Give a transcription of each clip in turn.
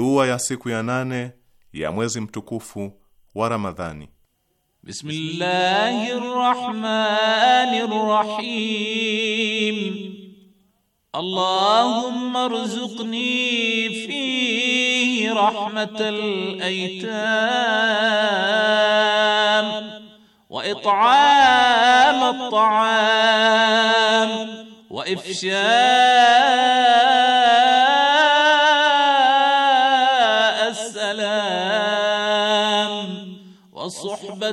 Dua ya siku ya nane ya mwezi mtukufu wa Ramadhani. Bismillahir Rahmanir Rahim. Allahumma rzuqni fihi rahmatal aytam wa it'am at ta'am wa ifsha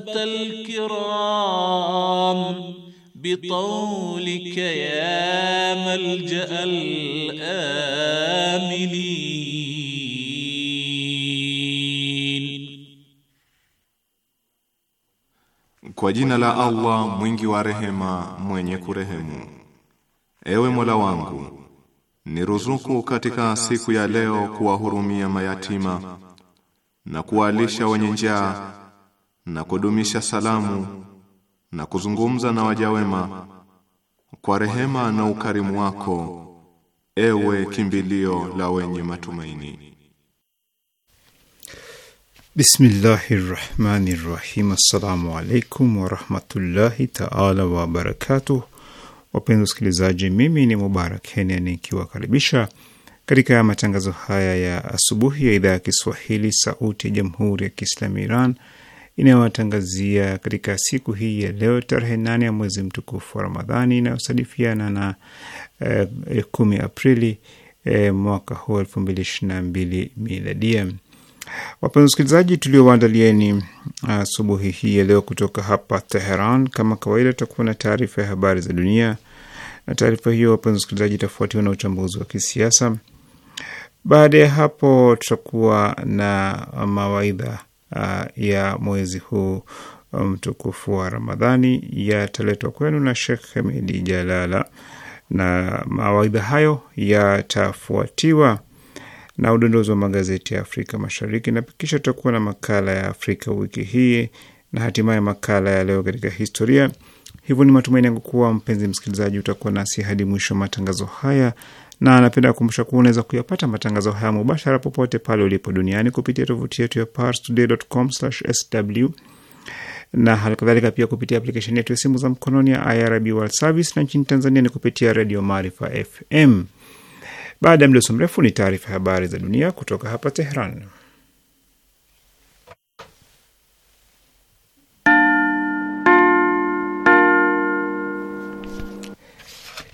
الكرام بطولك يا ملجأ الآمنين Kwa jina la Allah mwingi wa rehema mwenye kurehemu Ewe Mola wangu niruzuku katika siku ya leo kuwahurumia mayatima na kuwalisha wenye njaa na kudumisha salamu na kuzungumza na waja wema kwa rehema na ukarimu wako, ewe kimbilio la wenye matumaini. Bismillahi rahmani rahim. Assalamu alaikum warahmatullahi taala wabarakatuh. Wapenzi wasikilizaji, mimi ni Mubarak Kenya nikiwakaribisha katika matangazo haya ya asubuhi ya idhaa ya Kiswahili sauti ya jamhuri ya Kiislamu Iran inayowatangazia katika siku hii ya leo tarehe nane ya mwezi mtukufu wa Ramadhani inayosadifiana na eh, kumi Aprili eh, mwaka huu elfu mbili ishirini na mbili miladia. Wapenzi wasikilizaji, tuliowaandalieni ah, asubuhi uh, hii ya leo kutoka hapa Teheran, kama kawaida, tutakuwa na taarifa ya habari za dunia, na taarifa hiyo, wapenzi wasikilizaji, itafuatiwa na uchambuzi wa kisiasa. Baada ya hapo, tutakuwa na mawaidha Uh, ya mwezi huu mtukufu wa Ramadhani yataletwa kwenu na Shekh Hamidi Jalala, na mawaidha hayo yatafuatiwa na udondozi wa magazeti ya Afrika Mashariki, na kisha tutakuwa na makala ya Afrika wiki hii na hatimaye makala ya leo katika historia. Hivyo ni matumaini yangu kuwa mpenzi msikilizaji utakuwa nasi hadi mwisho wa matangazo haya na anapenda kukumbusha kuwa unaweza kuyapata matangazo haya mubashara popote pale ulipo duniani kupitia tovuti yetu ya parstoday.com/sw na halikadhalika pia kupitia aplikesheni yetu ya simu za mkononi ya IRIB World Service, na nchini Tanzania ni kupitia Redio Maarifa FM. Baada ya mdoso mrefu, ni taarifa ya habari za dunia kutoka hapa Tehran.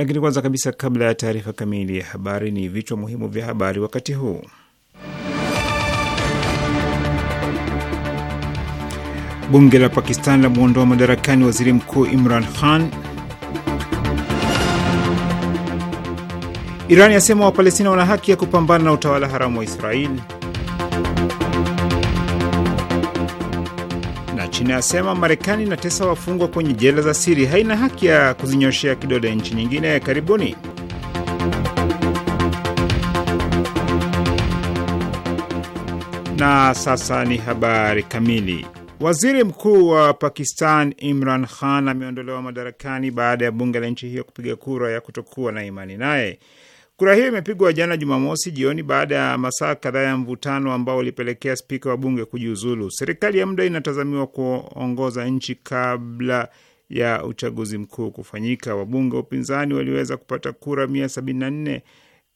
Lakini kwanza kabisa, kabla ya taarifa kamili ya habari, ni vichwa muhimu vya habari wakati huu. Bunge la Pakistan la mwondoa madarakani waziri mkuu Imran Khan. Iran yasema Wapalestina wana haki ya kupambana na utawala haramu wa Israeli. China yasema Marekani inatesa wafungwa kwenye jela za siri, haina haki ya kuzinyoshea kidole nchi nyingine. Karibuni. Na sasa ni habari kamili. Waziri mkuu wa Pakistan Imran Khan ameondolewa madarakani baada ya bunge la nchi hiyo kupiga kura ya kutokuwa na imani naye. Kura hiyo imepigwa jana Jumamosi jioni baada ya masaa kadhaa ya mvutano ambao ulipelekea spika wa bunge kujiuzulu. Serikali ya muda inatazamiwa kuongoza nchi kabla ya uchaguzi mkuu kufanyika. Wabunge wa upinzani waliweza kupata kura 174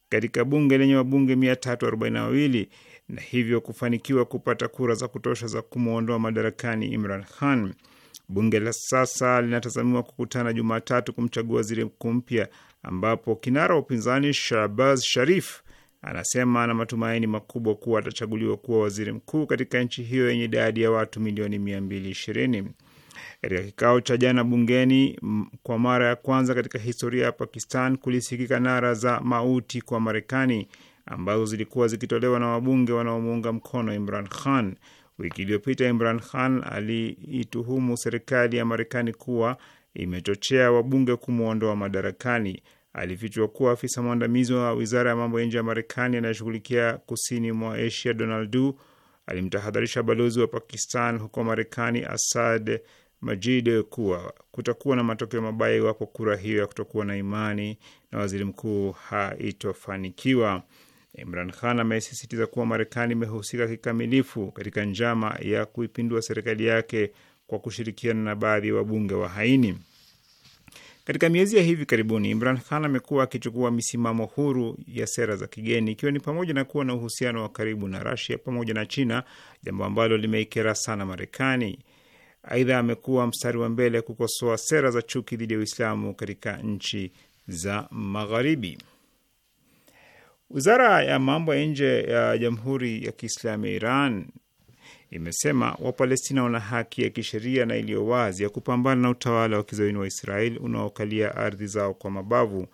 katika bunge lenye wabunge 342 na hivyo kufanikiwa kupata kura za kutosha za kumwondoa madarakani Imran Khan. Bunge la sasa linatazamiwa kukutana Jumatatu kumchagua waziri mkuu mpya ambapo kinara wa upinzani Shahbaz Sharif anasema ana matumaini makubwa kuwa atachaguliwa kuwa waziri mkuu katika nchi hiyo yenye idadi ya watu milioni 220. Katika kikao cha jana bungeni, kwa mara ya kwanza katika historia ya Pakistan kulisikika nara za mauti kwa Marekani ambazo zilikuwa zikitolewa na wabunge wanaomuunga mkono Imran Khan. Wiki iliyopita Imran Khan aliituhumu serikali ya Marekani kuwa imechochea wabunge kumwondoa madarakani. Alifichwa kuwa afisa mwandamizi wa wizara ya mambo ya nje ya Marekani anayeshughulikia kusini mwa Asia, Donald Du alimtahadharisha balozi wa Pakistan huko Marekani, Asad Majid, kuwa kutakuwa na matokeo mabaya iwapo kura hiyo ya kutokuwa na imani na waziri mkuu haitofanikiwa. Imran Khan amesisitiza kuwa Marekani imehusika kikamilifu katika njama ya kuipindua serikali yake kwa kushirikiana na baadhi ya wabunge wa haini. Katika miezi ya hivi karibuni, Imran Khan amekuwa akichukua misimamo huru ya sera za kigeni, ikiwa ni pamoja na kuwa na uhusiano wa karibu na Rasia pamoja na China, jambo ambalo limeikera sana Marekani. Aidha, amekuwa mstari wa mbele kukosoa sera za chuki dhidi ya Uislamu katika nchi za Magharibi. Wizara ya mambo ya nje ya Jamhuri ya Kiislamu ya Iran imesema Wapalestina wana haki ya kisheria na iliyo wazi ya kupambana na utawala wa kizayuni wa Israel unaokalia ardhi zao kwa mabavu.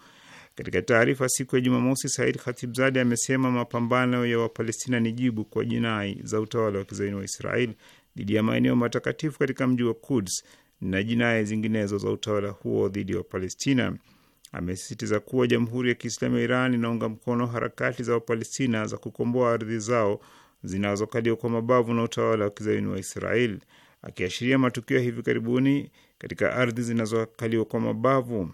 Katika taarifa siku ya Jumamosi, Said Khatibzadeh amesema mapambano ya Wapalestina ni jibu kwa jinai za utawala wa kizayuni wa Israel dhidi ya maeneo matakatifu katika mji wa Kuds na jinai zinginezo za utawala huo dhidi ya wa Wapalestina. Amesisitiza kuwa Jamhuri ya Kiislamu ya Iran inaunga mkono harakati za Wapalestina za kukomboa ardhi zao zinazokaliwa kwa mabavu na utawala wa kizayuni wa Israel, akiashiria matukio ya hivi karibuni katika ardhi zinazokaliwa kwa mabavu.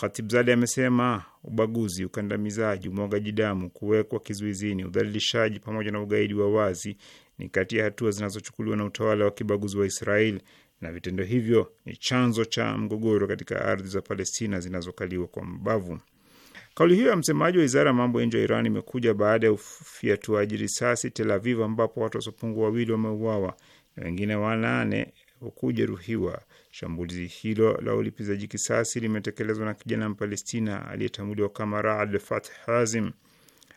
Khatibzadeh amesema ubaguzi, ukandamizaji, umwagaji damu, kuwekwa kizuizini, udhalilishaji pamoja na ugaidi wa wazi ni kati ya hatua zinazochukuliwa na utawala wa kibaguzi wa Israel na vitendo hivyo ni chanzo cha mgogoro katika ardhi za Palestina zinazokaliwa kwa mabavu. Kauli hiyo ya msemaji wa wizara ya mambo ya nje ya Iran imekuja baada ya ufiatuaji risasi Tel Aviv, ambapo watu wasiopungua wawili wameuawa na wengine wanane kujeruhiwa. Shambulizi hilo la ulipizaji kisasi limetekelezwa na kijana Mpalestina aliyetambuliwa kama Raad Fath Hazim.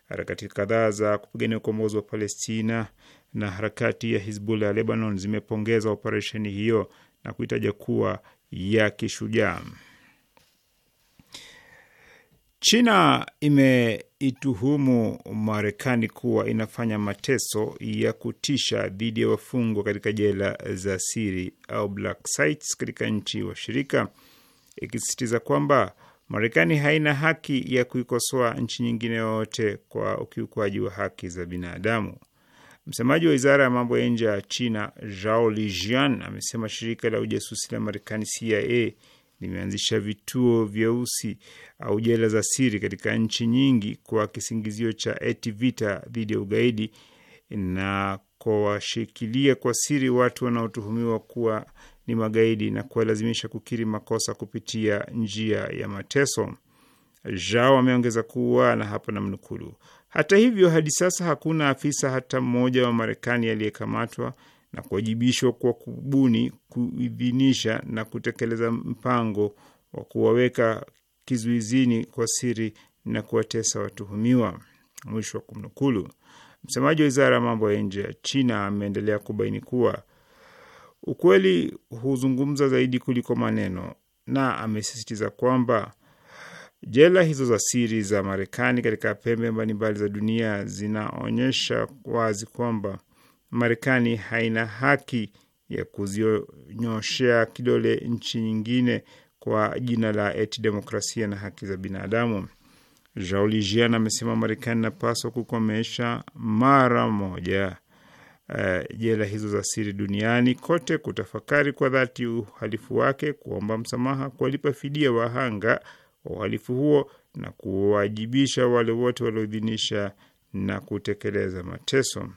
Harakati kadhaa za kupigania ukombozi wa Palestina na harakati ya Hizbullah ya Lebanon zimepongeza operesheni hiyo na kuitaja kuwa ya kishujaa. China imeituhumu Marekani kuwa inafanya mateso ya kutisha dhidi ya wafungwa katika jela za siri au black sites katika nchi washirika, ikisisitiza kwamba Marekani haina haki ya kuikosoa nchi nyingine yoyote kwa ukiukwaji wa haki za binadamu. Msemaji wa wizara ya mambo ya nje ya China, Zhao Lijian, amesema shirika la ujasusi la Marekani CIA limeanzisha vituo vyeusi au jela za siri katika nchi nyingi kwa kisingizio cha eti vita dhidi ya ugaidi na kuwashikilia kwa siri watu wanaotuhumiwa kuwa ni magaidi na kuwalazimisha kukiri makosa kupitia njia ya mateso. Jao ameongeza kuwa na hapa na mnukulu hata hivyo, hadi sasa hakuna afisa hata mmoja wa Marekani aliyekamatwa na kuwajibishwa kwa kubuni, kuidhinisha na kutekeleza mpango wa kuwaweka kizuizini kwa siri na kuwatesa watuhumiwa. Mwisho wa kumnukulu. Msemaji wa wizara ya mambo ya nje ya China ameendelea kubaini kuwa ukweli huzungumza zaidi kuliko maneno, na amesisitiza kwamba jela hizo za siri za Marekani katika pembe mbalimbali za dunia zinaonyesha wazi kwamba Marekani haina haki ya kuzionyoshea kidole nchi nyingine kwa jina la eti demokrasia na haki za binadamu. Jaulijian amesema Marekani inapaswa kukomesha mara moja uh, jela hizo za siri duniani kote, kutafakari kwa dhati uhalifu wake, kuomba msamaha, kuwalipa fidia wahanga wa uhalifu huo na kuwajibisha wale wote walioidhinisha na kutekeleza mateso.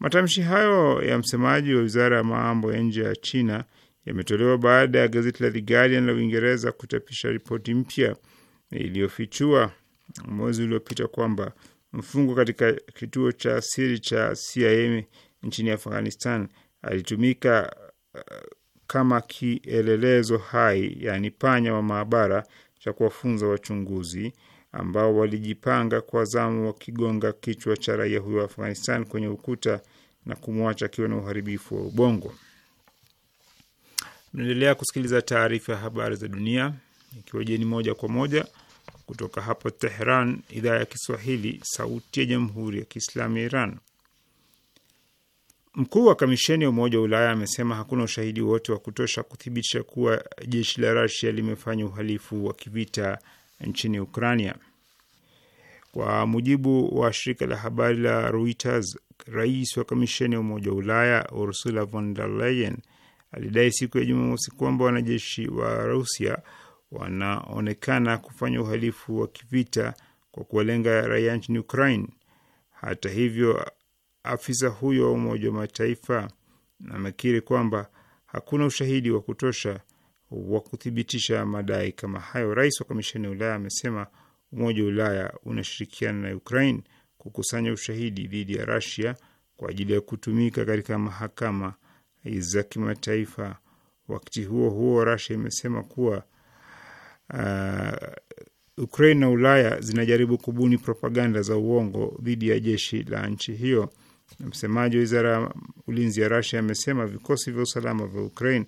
Matamshi hayo ya msemaji wa wizara ya mambo ya nje ya China yametolewa baada ya gazeti la The Guardian la Uingereza kuchapisha ripoti mpya iliyofichua mwezi uliopita kwamba mfungo katika kituo cha siri cha CIA nchini Afghanistan alitumika uh, kama kielelezo hai, yaani panya wa maabara, cha kuwafunza wachunguzi ambao walijipanga kwa zamu wakigonga kichwa cha raia huyo wa Afghanistan kwenye ukuta na kumwacha akiwa na uharibifu wa ubongo. Mnaendelea kusikiliza taarifa ya habari za dunia ikiwa jeni moja kwa moja kutoka hapa Tehran, idhaa ya Kiswahili, sauti ya jamhuri ya kiislamu ya Iran. Mkuu wa kamisheni ya Umoja wa Ulaya amesema hakuna ushahidi wote wa kutosha kuthibitisha kuwa jeshi la Rasia limefanya uhalifu wa kivita nchini Ukrania. Kwa mujibu wa shirika la habari la Reuters, rais wa kamisheni ya Umoja wa Ulaya Ursula von der Leyen alidai siku ya Jumamosi kwamba wanajeshi wa Rusia wanaonekana kufanya uhalifu wa kivita kwa kuwalenga raia nchini Ukraine. Hata hivyo, afisa huyo wa Umoja wa Mataifa amekiri kwamba hakuna ushahidi wa kutosha wa kuthibitisha madai kama hayo. Rais wa Kamisheni ya Ulaya amesema Umoja wa Ulaya unashirikiana na Ukraine kukusanya ushahidi dhidi ya rasia kwa ajili ya kutumika katika mahakama za kimataifa. Wakati huo huo, rasia imesema kuwa uh, Ukraine na Ulaya zinajaribu kubuni propaganda za uongo dhidi ya jeshi la nchi hiyo. Msemaji wa wizara ya ulinzi ya rasia amesema vikosi vya usalama vya Ukraine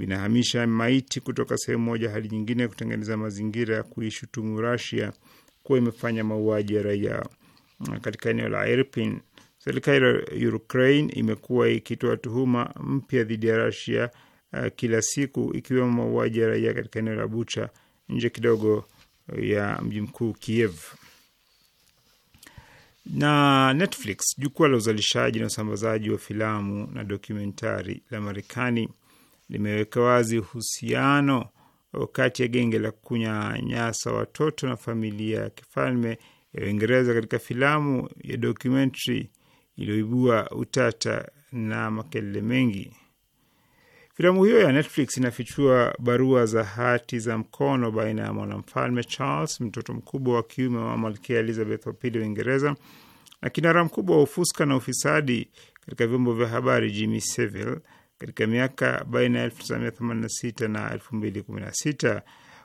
vinahamisha maiti kutoka sehemu moja hadi nyingine kutengeneza mazingira ya kuishutumu Rasia kuwa imefanya mauaji ya raia katika eneo la Irpin. Serikali ya Ukraine imekuwa ikitoa tuhuma mpya dhidi ya Rasia uh, eh, kila siku ikiwemo mauaji ya raia katika eneo la Bucha nje kidogo ya mji mkuu Kiev. Na Netflix, jukwaa la uzalishaji na usambazaji wa filamu na dokumentari la Marekani, limeweka wazi uhusiano kati ya genge la kunyanyasa watoto na familia ya kifalme ya Uingereza katika filamu ya documentary iliyoibua utata na makelele mengi. Filamu hiyo ya Netflix inafichua barua za hati za mkono baina ya mwanamfalme Charles, mtoto mkubwa wa kiume wa malkia Elizabeth wa pili wa Uingereza, na kinara mkubwa wa ufuska na ufisadi katika vyombo vya habari Jimmy Savile katika miaka baina ya 1986 na 2016.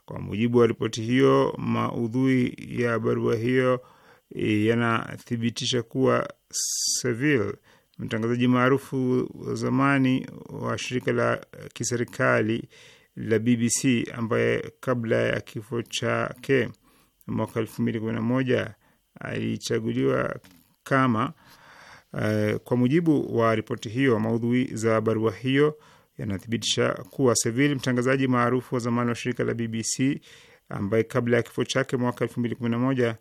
Kwa mujibu wa ripoti hiyo, maudhui ya barua hiyo eh, yanathibitisha kuwa Seville, mtangazaji maarufu wa zamani wa shirika la kiserikali la BBC ambaye kabla ya kifo chake mwaka 2011 alichaguliwa kama Eh, kwa mujibu wa ripoti hiyo, maudhui za barua hiyo yanathibitisha kuwa Seville, mtangazaji maarufu wa zamani wa shirika la BBC ambaye kabla ya kifo chake mwaka moja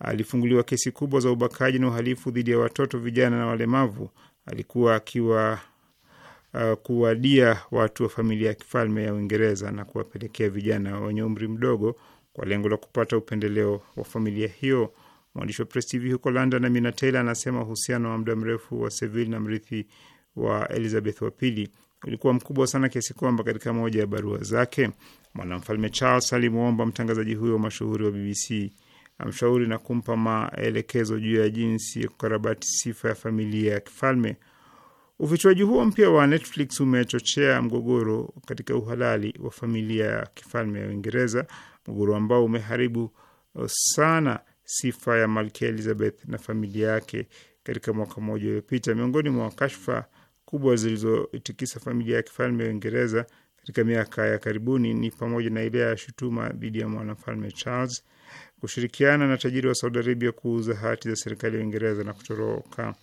alifunguliwa kesi kubwa za ubakaji na uhalifu dhidi ya watoto, vijana na walemavu, alikuwa akiwa uh, kuwadia watu wa familia ya kifalme ya Uingereza na kuwapelekea vijana wenye umri mdogo kwa lengo la kupata upendeleo wa familia hiyo. Mwandishi wa Press TV huko London, Amina Taylor anasema uhusiano wa muda mrefu wa Seville na mrithi wa Elizabeth wa pili ulikuwa mkubwa sana kiasi kwamba katika moja ya barua zake mwanamfalme Charles alimwomba mtangazaji huyo mashuhuri wa BBC amshauri na kumpa maelekezo juu ya jinsi ya kukarabati sifa ya familia ya kifalme. Ufichuaji huo mpya wa Netflix umechochea mgogoro katika uhalali wa familia ya kifalme ya Uingereza, mgogoro ambao umeharibu sana sifa ya Malkia Elizabeth na familia yake katika mwaka mmoja uliopita. Miongoni mwa kashfa kubwa zilizoitikisa familia ya kifalme ya Uingereza katika miaka ya karibuni ni pamoja na ile ya shutuma dhidi ya mwanamfalme Charles kushirikiana na tajiri wa Saudi Arabia kuuza hati za serikali ya Uingereza na kutoroka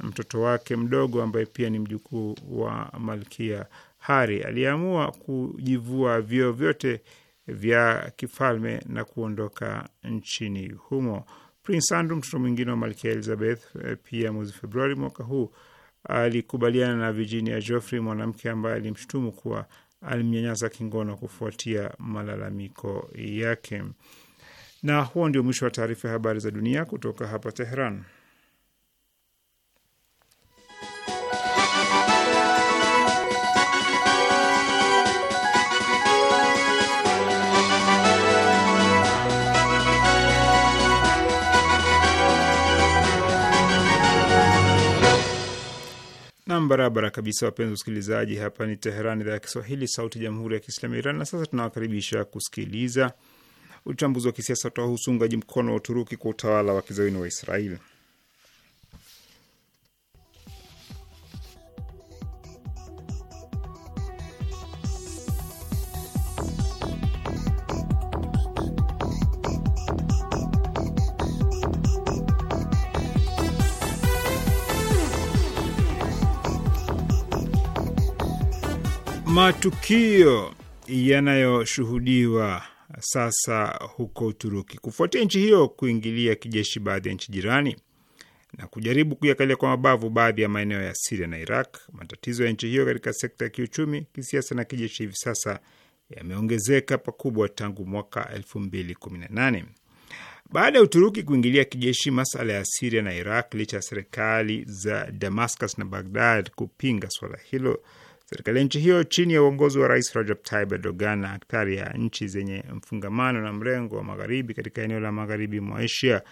mtoto wake mdogo ambaye pia ni mjukuu wa Malkia Hari. Aliamua kujivua vyoo vyote vya kifalme na kuondoka nchini humo. Prince Andrew, mtoto mwingine wa malkia Elizabeth, eh, pia mwezi Februari mwaka huu alikubaliana na Virginia Joffrey, mwanamke ambaye alimshutumu kuwa alimnyanyasa kingono kufuatia malalamiko yake. Na huo ndio mwisho wa taarifa ya habari za dunia kutoka hapa teheran Nam, barabara kabisa, wapenzi wasikilizaji, hapa ni Teheran, idhaa ya Kiswahili, sauti ya jamhuri ya kiislamu ya Iran. Na sasa tunawakaribisha kusikiliza uchambuzi wa kisiasa utahusu ungaji mkono wa Uturuki kwa utawala wa kizayuni wa Israeli. matukio yanayoshuhudiwa sasa huko Uturuki kufuatia nchi hiyo kuingilia kijeshi baadhi ya nchi jirani na kujaribu kuyakalia kwa mabavu baadhi ya maeneo ya Siria na Iraq. Matatizo ya nchi hiyo katika sekta ya kiuchumi, kisiasa na kijeshi hivi sasa yameongezeka pakubwa tangu mwaka 218 baada ya Uturuki kuingilia kijeshi masala ya Siria na Iraq, licha ya serikali za Damascus na Baghdad kupinga swala hilo. Serikali ya nchi hiyo chini ya uongozi wa Rais Rajab Tayyip Erdogan na aktari ya nchi zenye mfungamano na mrengo wa magharibi katika eneo la magharibi mwa Asia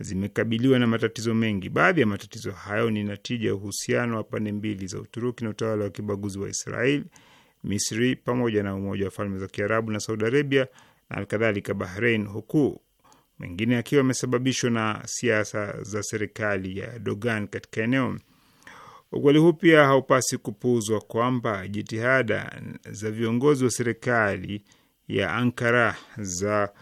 zimekabiliwa na matatizo mengi. Baadhi ya matatizo hayo ni natija ya uhusiano wa pande mbili za Uturuki na utawala wa kibaguzi wa Israeli, Misri pamoja na Umoja wa Falme za Kiarabu na Saudi Arabia na alkadhalika Bahrain, huku mengine akiwa amesababishwa na siasa za serikali ya Erdogan katika eneo. Ukweli huu pia haupasi kupuuzwa kwamba jitihada za viongozi wa serikali ya Ankara za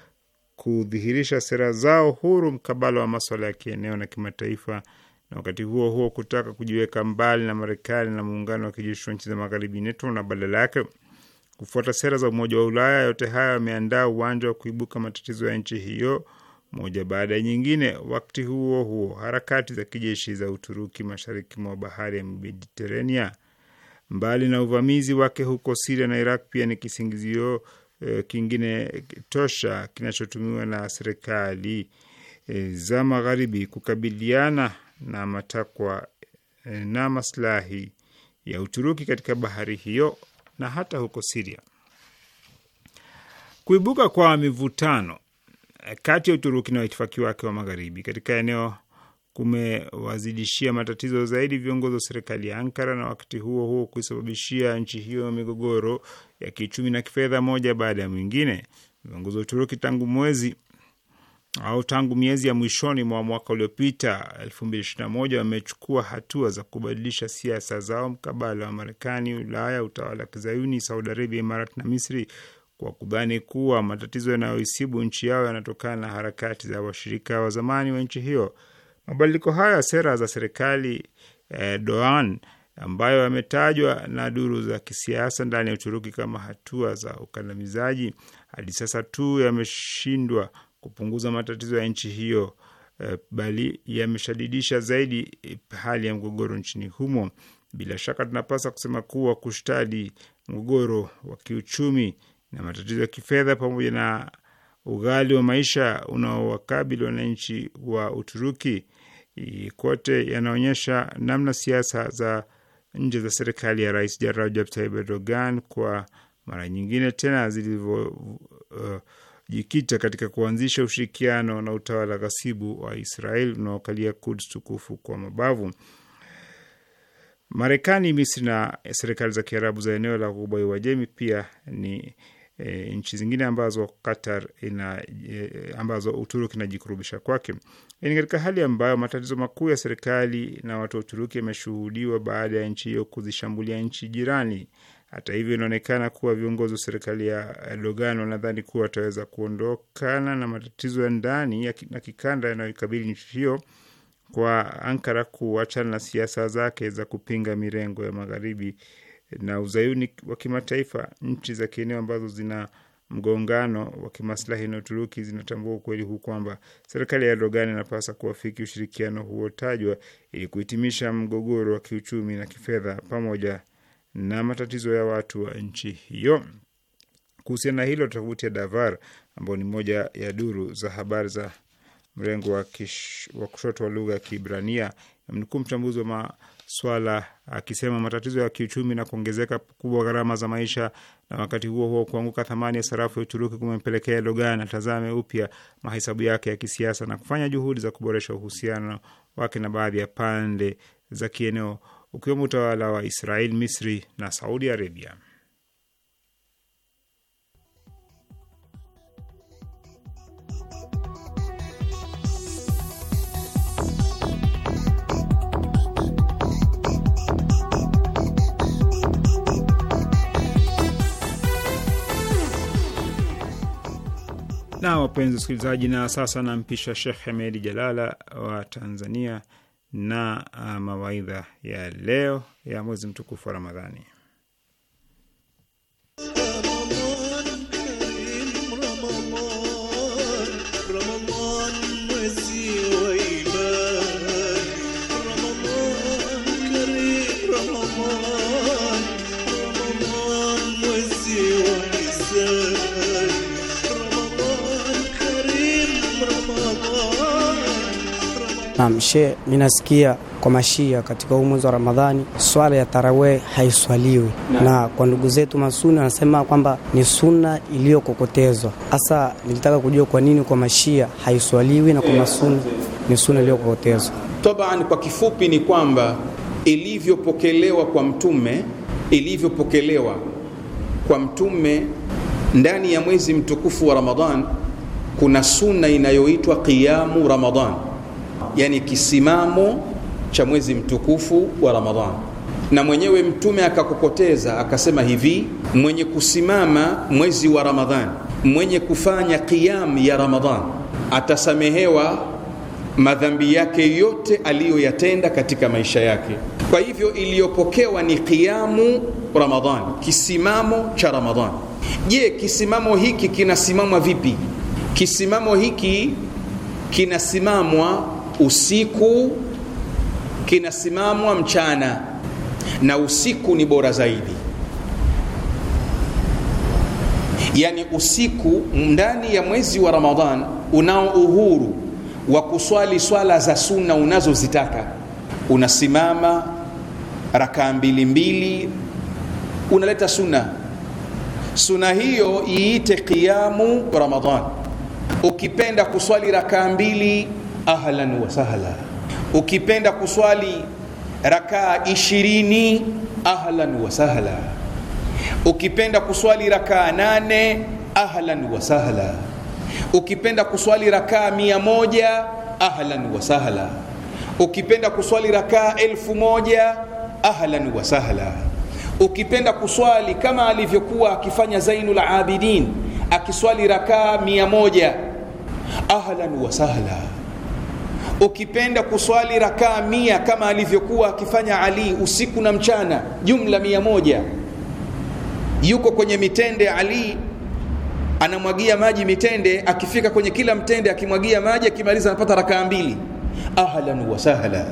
kudhihirisha sera zao huru mkabala wa maswala ya kieneo na kimataifa na wakati huo huo kutaka kujiweka mbali na Marekani na muungano wa kijeshi wa nchi za magharibi NATO na badala yake kufuata sera za Umoja wa Ulaya. Yote haya yameandaa uwanja wa kuibuka matatizo ya nchi hiyo moja baada ya nyingine. Wakati huo huo, harakati za kijeshi za Uturuki mashariki mwa bahari ya Mediterania, mbali na uvamizi wake huko Siria na Iraq, pia ni kisingizio e, kingine tosha kinachotumiwa na serikali e, za magharibi kukabiliana na matakwa e, na maslahi ya Uturuki katika bahari hiyo na hata huko Siria. Kuibuka kwa mivutano kati ya Uturuki na waitifaki wake wa magharibi katika eneo kumewazidishia matatizo zaidi viongozi wa serikali ya Ankara na wakati huo huo kuisababishia nchi hiyo migogoro ya kiuchumi na kifedha moja baada ya mwingine. Viongozi wa Uturuki tangu mwezi au tangu miezi ya mwishoni mwa mwaka uliopita 2021 wamechukua hatua za kubadilisha siasa zao mkabala wa Marekani, Ulaya, utawala wa kizayuni, Saudi Arabia, Imarati na Misri kwa kudhani kuwa matatizo yanayoisibu nchi yao yanatokana na harakati za washirika wa zamani wa nchi hiyo. Mabadiliko hayo ya sera za serikali eh, Doan ambayo yametajwa na duru za kisiasa ndani ya Uturuki kama hatua za ukandamizaji, hadi sasa tu yameshindwa kupunguza matatizo ya nchi hiyo eh, bali yameshadidisha zaidi hali ya mgogoro nchini humo. Bila shaka tunapasa kusema kuwa kushtadi mgogoro wa kiuchumi na matatizo ya kifedha pamoja na ughali wa maisha unaowakabili wananchi wa Uturuki kote yanaonyesha namna siasa za nje za serikali ya Rais Rajab Tayyip Erdogan kwa mara nyingine tena zilivyojikita uh, katika kuanzisha ushirikiano na utawala ghasibu wa Israel unaokalia Kuds tukufu kwa mabavu. Marekani, Misri na serikali za Kiarabu za eneo la Ghuba ya Uajemi pia ni e, nchi zingine ambazo Qatar ina e, ambazo Uturuki inajikurubisha kwake. E, ni katika hali ambayo matatizo makuu ya serikali na watu wa Uturuki yameshuhudiwa baada ya nchi hiyo kuzishambulia nchi jirani. Hata hivyo, inaonekana kuwa viongozi wa serikali ya Erdogan wanadhani kuwa wataweza kuondokana na matatizo ya ndani na kikanda yanayoikabili nchi hiyo kwa Ankara kuachana na siasa zake za kupinga mirengo ya magharibi na uzayuni wa kimataifa. Nchi za kieneo ambazo zina mgongano wa kimaslahi na Uturuki zinatambua ukweli huu kwamba serikali ya Erdogan inapasa kuwafiki ushirikiano huo tajwa ili kuhitimisha mgogoro wa kiuchumi na kifedha pamoja na matatizo ya watu wa nchi hiyo. Kuhusiana na hilo, tovuti ya Davar ambayo ni moja ya duru za habari za mrengo wa, wa kushoto wa lugha ya Kiibrania mnukuu mchambuzi wa swala akisema matatizo ya kiuchumi na kuongezeka kubwa gharama za maisha na wakati huo huo kuanguka thamani ya sarafu ya Uturuki kumempelekea Erdogan atazame upya mahesabu yake ya kisiasa na kufanya juhudi za kuboresha uhusiano wake na baadhi ya pande za kieneo ukiwemo utawala wa Israel, Misri na Saudi Arabia. Na wapenzi wasikilizaji, na sasa nampisha Shekh Hemedi Jalala wa Tanzania na uh, mawaidha ya leo ya mwezi mtukufu wa Ramadhani. Naam, she ninasikia kwa mashia katika huu mwezi wa Ramadhani swala ya tarawe haiswaliwi na, na kwa ndugu zetu masuni wanasema kwamba ni sunna iliyokokotezwa. Hasa nilitaka kujua kwa nini kwa mashia haiswaliwi na kwa masuni ni sunna iliyokokotezwa. taban kwa kifupi ni kwamba ilivyopokelewa kwa mtume ilivyopokelewa kwa mtume ndani ya mwezi mtukufu wa Ramadhan kuna sunna inayoitwa qiyamu Ramadhani yani kisimamo cha mwezi mtukufu wa Ramadhan. Na mwenyewe Mtume akakupoteza akasema hivi, mwenye kusimama mwezi wa ramadhan mwenye kufanya qiyam ya Ramadhan atasamehewa madhambi yake yote aliyoyatenda katika maisha yake. Kwa hivyo iliyopokewa ni qiyamu Ramadhan, kisimamo cha Ramadhan. Je, kisimamo hiki kinasimamwa vipi? Kisimamo hiki kinasimamwa usiku kinasimamwa mchana na usiku ni bora zaidi yani usiku ndani ya mwezi wa ramadhan unao uhuru wa kuswali swala za sunna unazozitaka unasimama rakaa mbili mbili unaleta sunna suna hiyo iite qiyamu ramadhan ukipenda kuswali rakaa mbili ahlan wa sahla. Ukipenda kuswali rakaa ishirini ahlan wa sahla, ukipenda kuswali rakaa nane ahlan wa sahla, ukipenda kuswali rakaa mia moja ahlan wa sahla, ukipenda kuswali rakaa elfu moja ahlan wa sahla, ukipenda kuswali kama alivyokuwa akifanya Zainul Abidin akiswali rakaa mia moja ahlan wa sahla ukipenda kuswali rakaa mia kama alivyokuwa akifanya Ali usiku na mchana, jumla mia moja. Yuko kwenye mitende Ali anamwagia maji mitende, akifika kwenye kila mtende akimwagia maji, akimaliza anapata rakaa mbili. Ahlan wa sahla.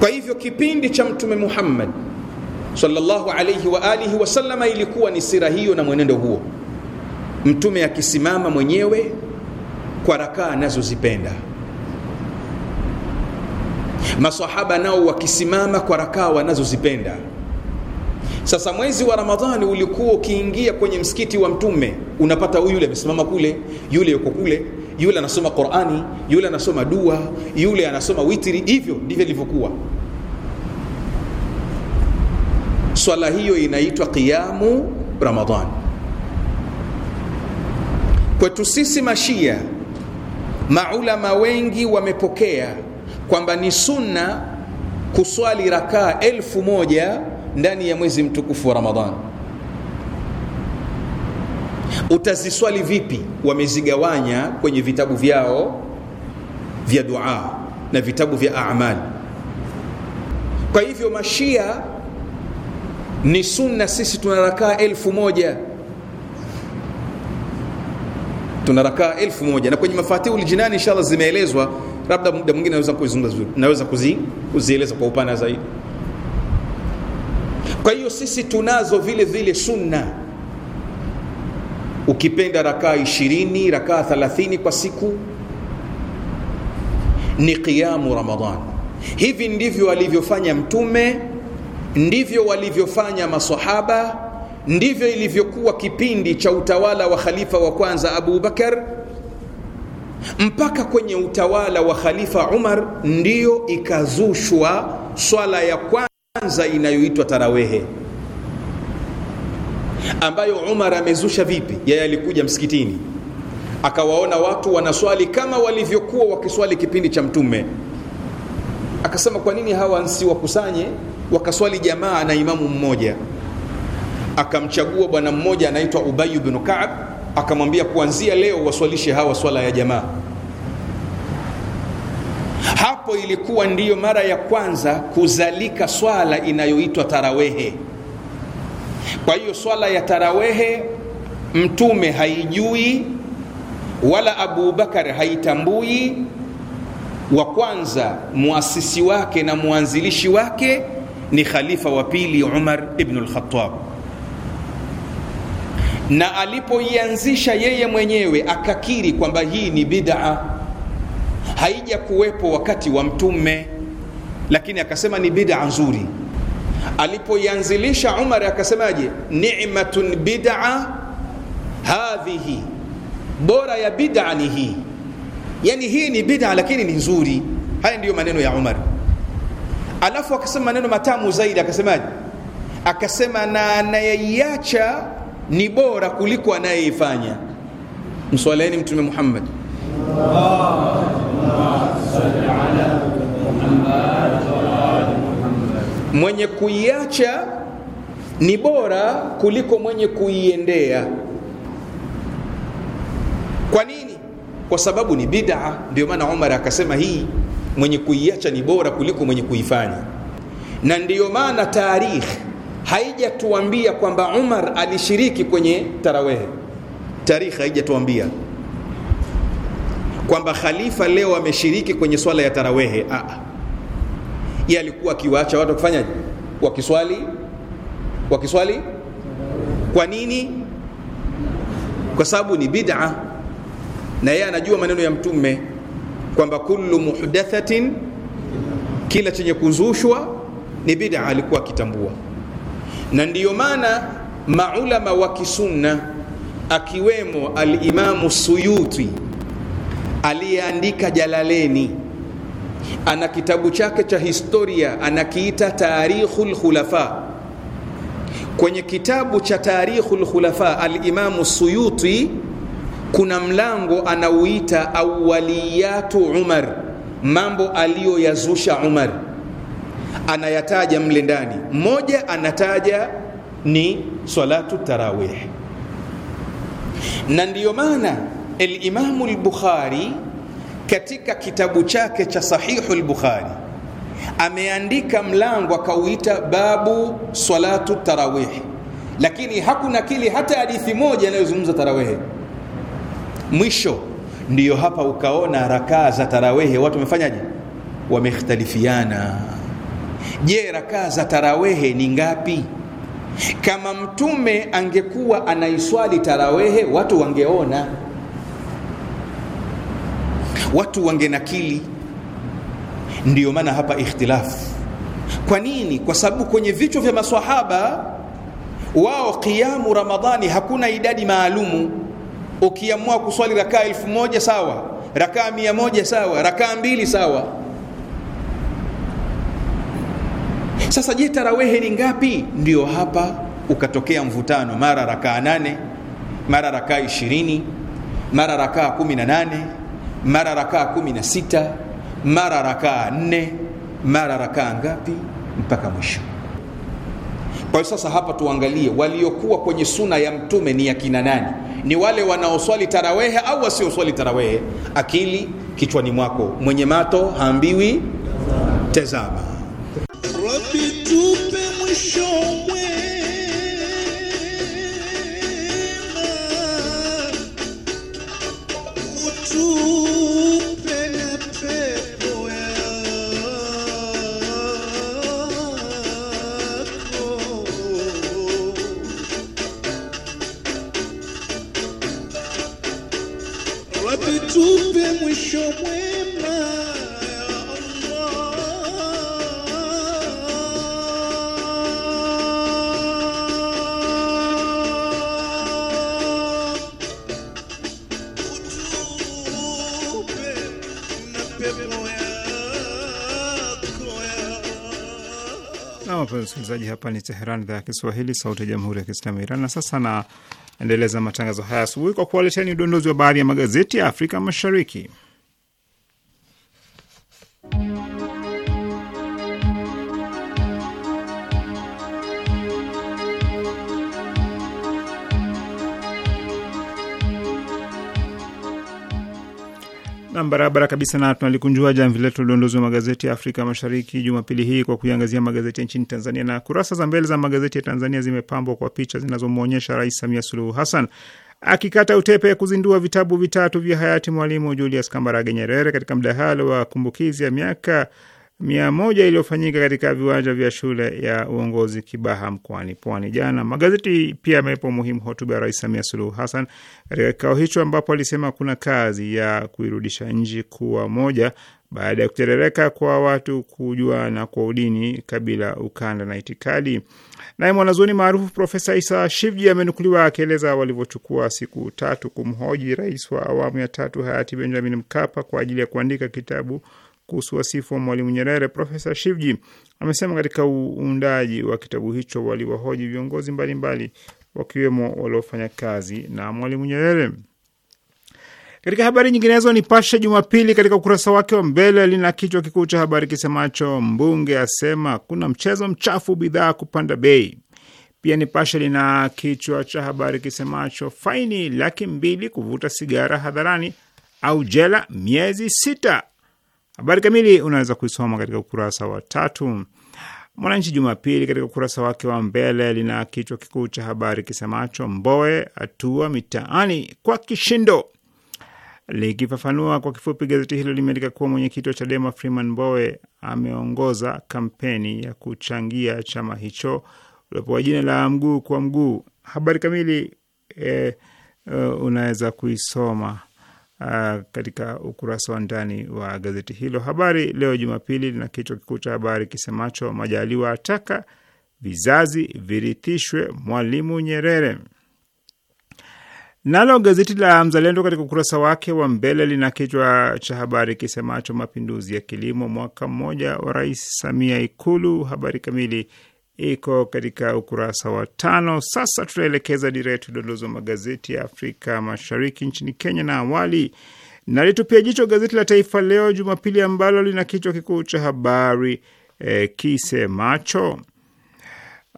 Kwa hivyo kipindi cha Mtume Muhammad sallallahu alayhi wa alihi wasallama ilikuwa ni sira hiyo na mwenendo huo, mtume akisimama mwenyewe kwa rakaa anazozipenda masahaba nao wakisimama kwa rakaa wanazozipenda sasa mwezi wa ramadhani ulikuwa ukiingia kwenye msikiti wa mtume unapata huyu yule amesimama kule yule yuko kule yule anasoma qurani yule anasoma dua yule anasoma witiri hivyo ndivyo ilivyokuwa swala hiyo inaitwa qiyamu ramadhani kwetu sisi mashia maulama wengi wamepokea kwamba ni sunna kuswali rakaa elfu moja ndani ya mwezi mtukufu wa Ramadhani. Utaziswali vipi? Wamezigawanya kwenye vitabu vyao vya dua na vitabu vya amali. Kwa hivyo, mashia ni sunna, sisi tuna rakaa elfu moja tuna rakaa elfu moja na kwenye mafatihu jinani inshallah zimeelezwa labda muda mwingine naweza kuzungumza vizuri naweza kuzi, kuzieleza kwa upana zaidi kwa hiyo sisi tunazo vile vile sunna ukipenda rakaa ishirini rakaa thalathini kwa siku ni qiamu ramadan hivi ndivyo alivyofanya mtume ndivyo walivyofanya masahaba Ndivyo ilivyokuwa kipindi cha utawala wa khalifa wa kwanza Abu Bakar mpaka kwenye utawala wa khalifa Umar, ndiyo ikazushwa swala ya kwanza inayoitwa tarawehe, ambayo Umar amezusha. Vipi? Yeye alikuja msikitini akawaona watu wanaswali kama walivyokuwa wakiswali kipindi cha Mtume, akasema kwa nini hawa nsi wakusanye wakaswali jamaa na imamu mmoja akamchagua bwana mmoja anaitwa Ubayu bin Kaab, akamwambia kuanzia leo waswalishe hawa swala ya jamaa. Hapo ilikuwa ndiyo mara ya kwanza kuzalika swala inayoitwa tarawehe. Kwa hiyo swala ya tarawehe Mtume haijui wala Abubakar haitambui. Wa kwanza muasisi wake na mwanzilishi wake ni khalifa wa pili Umar ibn al-Khattab na alipoianzisha yeye mwenyewe akakiri kwamba hii ni bid'a, haija kuwepo wakati wa Mtume, lakini akasema ni bid'a nzuri. Alipoianzilisha Umar akasemaje? ni'matun bid'a hadhihi, bora ya bid'a ni hii. Yani hii ni bid'a lakini ni nzuri. Haya ndiyo maneno ya Umar. Alafu akasema maneno matamu zaidi, akasemaje? Akasema na anayeiacha ni bora kuliko anayeifanya mswaleni mtume muhammad mwenye kuiacha ni bora kuliko mwenye kuiendea kwa nini kwa sababu ni bidaa ndio maana umar akasema hii mwenye kuiacha ni bora kuliko mwenye kuifanya na ndiyo maana taarikhi haijatuambia kwamba Umar alishiriki kwenye tarawehe. Tarikhi haijatuambia kwamba khalifa leo ameshiriki kwenye swala ya tarawehe. Ah, yeye alikuwa akiwaacha watu wakifanyaje? Wakiswali, wakiswali. Kwa nini? Kwa sababu ni bid'a, na yeye anajua maneno ya Mtume kwamba kullu muhdathatin, kila chenye kuzushwa ni bid'a. Alikuwa akitambua na ndiyo maana maulama wa kisunna akiwemo alimamu Suyuti aliyeandika Jalaleni ana kitabu chake cha historia anakiita Tarikhul Khulafa. Kwenye kitabu cha Tarikhul Khulafa alimamu Suyuti kuna mlango anauita awaliyatu Umar, mambo aliyoyazusha Umar anayataja mle ndani. Mmoja anataja ni salatu tarawih, na ndiyo maana Alimamu Lbukhari katika kitabu chake cha Sahihu Lbukhari ameandika mlango akauita babu salatu tarawih, lakini hakuna kile hata hadithi moja inayozungumza tarawehe. Mwisho ndiyo hapa ukaona rakaa za tarawehe watu wamefanyaje, wamekhtalifiana Je, rakaa za tarawehe ni ngapi? Kama mtume angekuwa anaiswali tarawehe, watu wangeona, watu wangenakili. Ndiyo maana hapa ikhtilafu. Kwa nini? Kwa sababu kwenye vichwa vya maswahaba wao kiamu Ramadhani hakuna idadi maalumu. Ukiamua kuswali rakaa elfu moja sawa, rakaa mia moja sawa, rakaa mbili sawa Sasa je, tarawehe ni ngapi? Ndio hapa ukatokea mvutano, mara rakaa nane, mara rakaa ishirini, mara rakaa kumi na nane, mara rakaa kumi na sita, mara rakaa nne, mara rakaa ngapi, mpaka mwisho. Kwa hiyo sasa hapa tuangalie waliokuwa kwenye suna ya mtume ni akina nani? Ni wale wanaoswali tarawehe au wasioswali tarawehe? Akili kichwani mwako, mwenye mato haambiwi tezama. Rabbi, tupe mwisho wema utupe Na wapenzi wasikilizaji, hapa ni Teheran, idhaa ya Kiswahili, sauti ya jamhuri ya kiislamu ya Iran. Na sasa naendeleza matangazo haya asubuhi kwa kuwaleteni udondozi wa baadhi ya magazeti ya Afrika Mashariki. Nam barabara kabisa, na tunalikunjua jamvi letu liondozi wa magazeti ya Afrika Mashariki Jumapili hii kwa kuiangazia magazeti ya nchini Tanzania, na kurasa za mbele za magazeti ya Tanzania zimepambwa kwa picha zinazomwonyesha Rais Samia Suluhu Hassan akikata utepe kuzindua vitabu vitatu vya hayati Mwalimu Julius Kambarage Nyerere katika mdahalo wa kumbukizi ya miaka mia moja iliyofanyika katika viwanja vya shule ya uongozi Kibaha mkoani Pwani jana. Magazeti pia amewepo umuhimu hotuba ya Rais Samia Suluhu Hassan katika kikao hicho, ambapo alisema kuna kazi ya kuirudisha nchi kuwa moja baada ya kuterereka kwa watu kujua na kwa udini, kabila, ukanda na itikadi. Naye mwanazuoni maarufu Profesa Isa Shivji amenukuliwa akieleza walivyochukua siku tatu kumhoji rais wa awamu ya tatu hayati Benjamin Mkapa kwa ajili ya kuandika kitabu kuhusu wasifu wa Mwalimu Nyerere, Profesa Shivji amesema katika uundaji wa kitabu hicho waliwahoji viongozi mbalimbali wakiwemo waliofanya kazi na Mwalimu Nyerere. Katika habari nyinginezo, Nipashe Jumapili katika ukurasa wake wa mbele lina kichwa kikuu cha habari kisemacho mbunge asema kuna mchezo mchafu bidhaa kupanda bei. Pia Nipashe lina kichwa cha habari kisemacho faini laki mbili kuvuta sigara hadharani au jela miezi sita. Habari kamili unaweza kuisoma katika ukurasa wa tatu. Mwananchi Jumapili katika ukurasa wake wa mbele lina kichwa kikuu cha habari kisemacho Mbowe atua mitaani kwa kishindo. Likifafanua kwa kifupi, gazeti hilo limeandika kuwa mwenyekiti wa Chadema Freeman Mbowe ameongoza kampeni ya kuchangia chama hicho uliopewa jina la mguu kwa mguu. Habari kamili eh, uh, unaweza kuisoma Ah, katika ukurasa wa ndani wa gazeti hilo. Habari Leo Jumapili lina kichwa kikuu cha habari kisemacho Majaliwa ataka vizazi virithishwe Mwalimu Nyerere. Nalo gazeti la Mzalendo katika ukurasa wake wa mbele lina kichwa cha habari kisemacho mapinduzi ya kilimo, mwaka mmoja wa Rais Samia Ikulu. Habari kamili iko katika ukurasa wa tano. Sasa tutaelekeza dira yetu dondozi wa magazeti ya Afrika Mashariki nchini Kenya, na awali nalitupia jicho gazeti la Taifa Leo Jumapili ambalo lina kichwa kikuu cha habari eh, kisemacho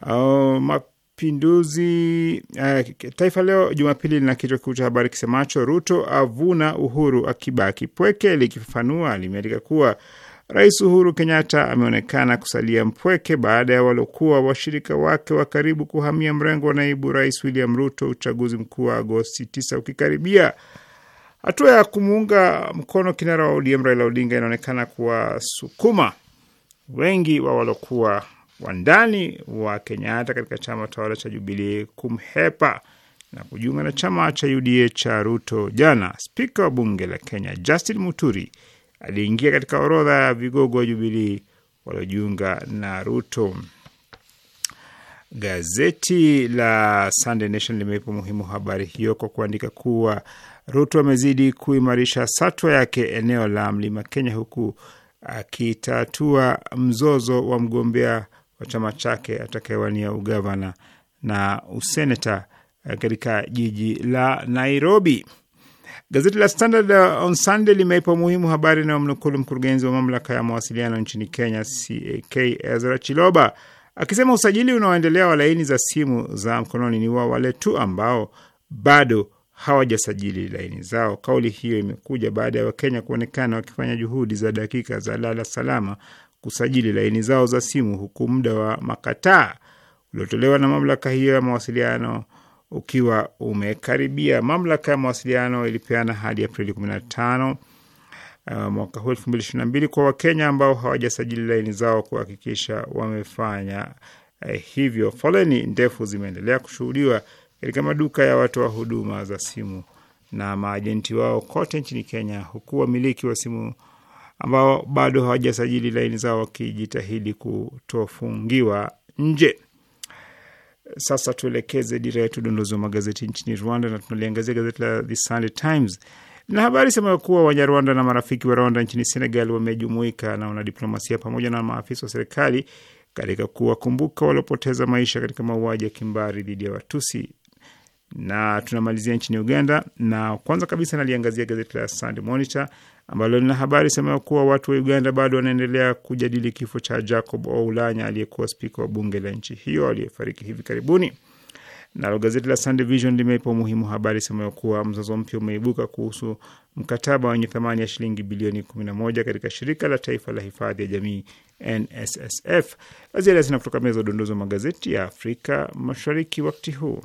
uh, mapinduzi uh, Taifa Leo Jumapili lina kichwa kikuu cha habari kisemacho Ruto avuna Uhuru akibaki pweke. Likifafanua limeandika kuwa Rais Uhuru Kenyatta ameonekana kusalia mpweke baada ya waliokuwa washirika wake wa karibu kuhamia mrengo wa naibu rais William Ruto, uchaguzi mkuu wa Agosti 9 ukikaribia. Hatua ya kumuunga mkono kinara wa ODM Raila Odinga inaonekana kuwasukuma wengi wa waliokuwa wandani wa Kenyatta katika chama tawala cha Jubilee kumhepa na kujiunga na chama cha UDA cha Ruto. Jana spika wa bunge la Kenya Justin Muturi aliingia katika orodha ya vigogo wa Jubilii waliojiunga na Ruto. Gazeti la Sunday Nation limeipa muhimu habari hiyo kwa kuandika kuwa Ruto amezidi kuimarisha satwa yake eneo la mlima Kenya, huku akitatua mzozo wa mgombea wa chama chake atakayewania ugavana na useneta katika jiji la Nairobi. Gazeti la Standard on Sunday limeipa umuhimu habari inayomnukulu mkurugenzi wa mamlaka ya mawasiliano nchini Kenya, CAK, Ezra Chiloba akisema usajili unaoendelea wa laini za simu za mkononi ni wa wale tu ambao bado hawajasajili laini zao. Kauli hiyo imekuja baada ya Wakenya kuonekana wakifanya juhudi za dakika za lala salama kusajili laini zao za simu, huku muda wa makataa uliotolewa na mamlaka hiyo ya mawasiliano ukiwa umekaribia. Mamlaka ya mawasiliano ilipeana hadi Aprili 15 uh, mwaka huu mbili kwa Wakenya ambao hawajasajili laini zao kuhakikisha wamefanya uh, hivyo. Foleni ndefu zimeendelea kushuhudiwa katika maduka ya watu wa huduma za simu na maajenti wao kote nchini Kenya, huku wamiliki wa simu ambao bado hawajasajili laini zao wakijitahidi kutofungiwa nje. Sasa tuelekeze dira yetu dondozi wa magazeti nchini Rwanda, na tunaliangazia gazeti la The Sunday Times na habari sema kuwa Wanyarwanda na marafiki wa Rwanda nchini Senegal wamejumuika na wanadiplomasia pamoja na maafisa wa serikali katika kuwakumbuka waliopoteza maisha katika mauaji ya kimbari dhidi ya Watusi. Na tunamalizia nchini Uganda, na kwanza kabisa naliangazia gazeti la Sunday Monitor ambalo lina habari sema kuwa watu wa Uganda bado wanaendelea kujadili kifo cha Jacob Oulanya aliyekuwa spika wa bunge la nchi hiyo aliyefariki hivi karibuni. Nalo gazeti la Sunday Vision limeipa umuhimu habari sema kuwa mzozo mpya umeibuka kuhusu mkataba wenye thamani ya shilingi bilioni 11 katika shirika la taifa la hifadhi ya jamii NSSF. La kutoka meza udondozi wa magazeti ya Afrika Mashariki wakati huu.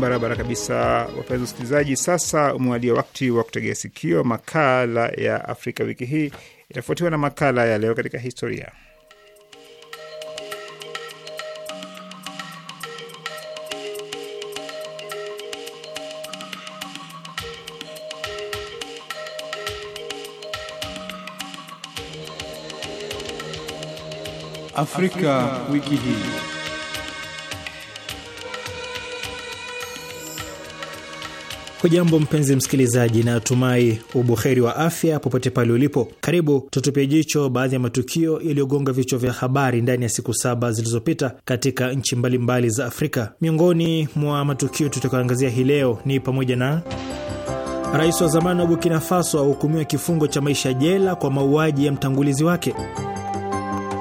barabara kabisa, wapenzi wasikilizaji. Sasa umewadia wakati wa kutegea sikio makala ya Afrika wiki hii, itafuatiwa na makala ya leo katika historia. Afrika, Afrika wiki hii. Hujambo mpenzi msikilizaji, na atumai ubuheri wa afya popote pale ulipo. Karibu tutupie jicho baadhi ya matukio yaliyogonga vichwa vya habari ndani ya siku saba zilizopita katika nchi mbalimbali za Afrika. Miongoni mwa matukio tutakayoangazia hii leo ni pamoja na rais wa zamani wa Burkina Faso ahukumiwa kifungo cha maisha jela kwa mauaji ya mtangulizi wake,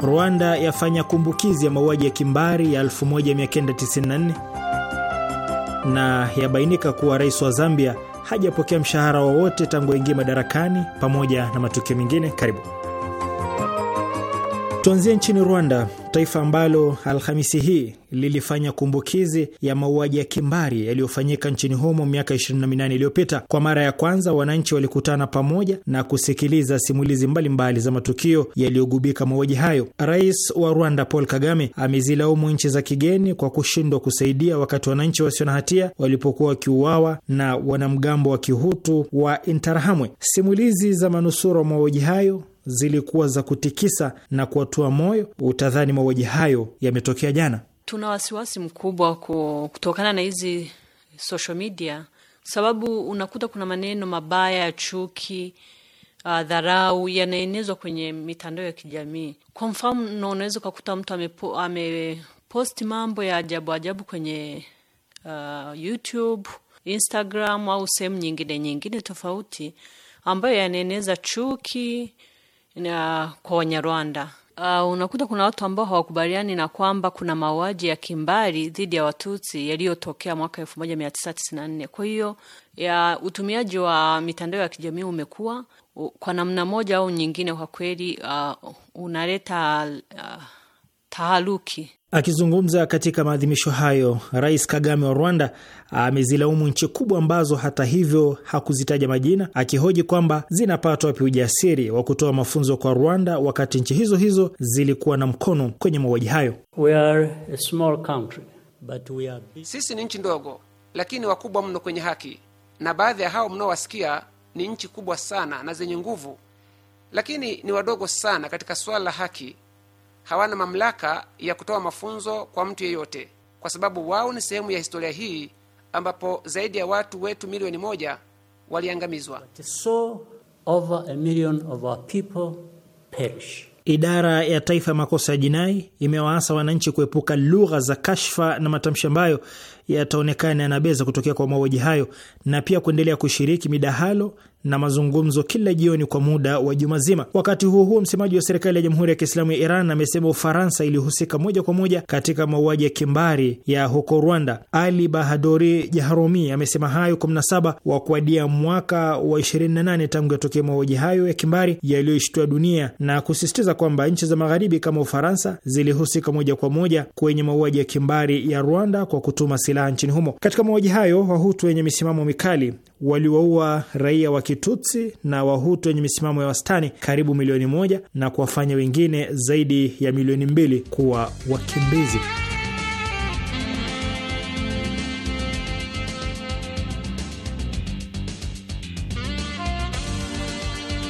Rwanda yafanya kumbukizi ya mauaji ya kimbari ya 1994 na yabainika kuwa rais wa Zambia hajapokea mshahara wowote tangu aingie madarakani, pamoja na matukio mengine. Karibu. Tuanzie nchini Rwanda, taifa ambalo Alhamisi hii lilifanya kumbukizi ya mauaji ya kimbari yaliyofanyika nchini humo miaka 28 iliyopita. Kwa mara ya kwanza, wananchi walikutana pamoja na kusikiliza simulizi mbalimbali mbali za matukio yaliyogubika mauaji hayo. Rais wa Rwanda Paul Kagame amezilaumu nchi za kigeni kwa kushindwa kusaidia wakati wananchi wasio na hatia walipokuwa wakiuawa na wanamgambo wa Kihutu wa Interahamwe. Simulizi za manusura wa mauaji hayo zilikuwa za kutikisa na kuwatua moyo, utadhani mauaji hayo yametokea jana. Tuna wasiwasi mkubwa kutokana na hizi social media, sababu unakuta kuna maneno mabaya ya chuki, uh, dharau yanaenezwa kwenye mitandao ya kijamii. Kwa mfano, unaweza ukakuta mtu ameposti ameposti mambo ya ajabu ajabu kwenye uh, YouTube, Instagram au sehemu nyingine nyingine tofauti ambayo yanaeneza chuki na kwa Wanyarwanda. Uh, ah, unakuta kuna watu ambao hawakubaliani na kwamba kuna mauaji ya kimbari dhidi ya Watutsi yaliyotokea mwaka 1994. Kwa hiyo ya utumiaji wa mitandao ya kijamii umekuwa kwa namna moja au nyingine, kwa kweli uh, unaleta uh, taharuki Akizungumza katika maadhimisho hayo, Rais Kagame wa Rwanda amezilaumu nchi kubwa ambazo hata hivyo hakuzitaja majina, akihoji kwamba zinapata wapi ujasiri wa kutoa mafunzo kwa Rwanda wakati nchi hizo hizo zilikuwa na mkono kwenye mauaji hayo. We are a small country, but we are... sisi ni nchi ndogo lakini wakubwa mno kwenye haki, na baadhi ya hao mnaowasikia ni nchi kubwa sana na zenye nguvu, lakini ni wadogo sana katika suala la haki hawana mamlaka ya kutoa mafunzo kwa mtu yeyote, kwa sababu wao ni sehemu ya historia hii ambapo zaidi ya watu wetu milioni moja waliangamizwa. Idara ya Taifa ya Makosa ya Jinai imewaasa wananchi kuepuka lugha za kashfa na matamshi ambayo yataonekana yanabeza kutokea kwa mauaji hayo, na pia kuendelea kushiriki midahalo na mazungumzo kila jioni kwa muda wa juma zima. Wakati huo huo, msemaji wa serikali ya Jamhuri ya Kiislamu ya Iran amesema Ufaransa ilihusika moja kwa moja katika mauaji ya kimbari ya huko Rwanda. Ali Bahadori jaharomi amesema hayo 17 wa kuadia mwaka wa 28 tangu yatokea mauaji hayo ya kimbari yaliyoishtua dunia na kusisitiza kwamba nchi za magharibi kama Ufaransa zilihusika moja kwa moja kwenye mauaji ya kimbari ya Rwanda kwa kutuma silaha silaha nchini humo. Katika mauaji hayo, Wahutu wenye misimamo mikali waliwaua raia wa Kitutsi na Wahutu wenye misimamo ya wastani karibu milioni moja na kuwafanya wengine zaidi ya milioni mbili kuwa wakimbizi.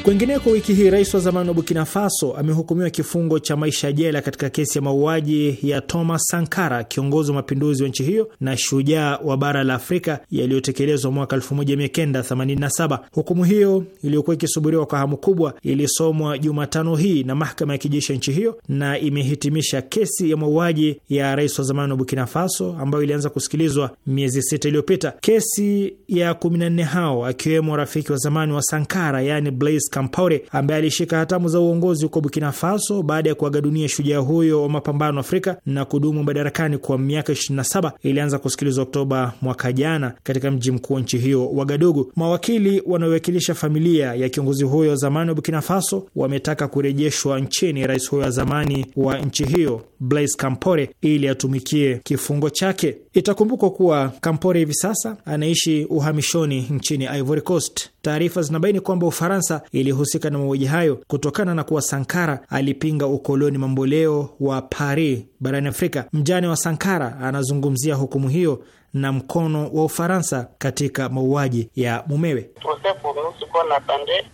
Kwengineko wiki hii, rais wa zamani wa Burkina Faso amehukumiwa kifungo cha maisha jela katika kesi ya mauaji ya Thomas Sankara, kiongozi wa mapinduzi wa nchi hiyo na shujaa wa bara la Afrika, yaliyotekelezwa mwaka 1987. Hukumu hiyo iliyokuwa ikisubiriwa kwa hamu kubwa ilisomwa Jumatano hii na mahakama ya kijeshi ya nchi hiyo na imehitimisha kesi ya mauaji ya rais wa zamani wa Burkina Faso ambayo ilianza kusikilizwa miezi sita iliyopita. Kesi ya 14 hao akiwemo rafiki wa zamani wa Sankara, yani Blaise Compaore ambaye alishika hatamu za uongozi huko Burkina Faso baada ya kuaga dunia shujaa huyo wa mapambano Afrika na kudumu madarakani kwa miaka 27, ilianza kusikilizwa Oktoba mwaka jana katika mji mkuu wa nchi hiyo Wagadugu. Mawakili wanaowakilisha familia ya kiongozi huyo zamani wa Burkina Faso wametaka kurejeshwa nchini rais huyo wa zamani wa nchi hiyo Blaise Campore ili atumikie kifungo chake. Itakumbukwa kuwa Campore hivi sasa anaishi uhamishoni nchini Ivory Coast. Taarifa zinabaini kwamba Ufaransa ilihusika na mauaji hayo kutokana na kuwa Sankara alipinga ukoloni mamboleo wa Paris barani Afrika. Mjane wa Sankara anazungumzia hukumu hiyo na mkono wa Ufaransa katika mauaji ya mumewe.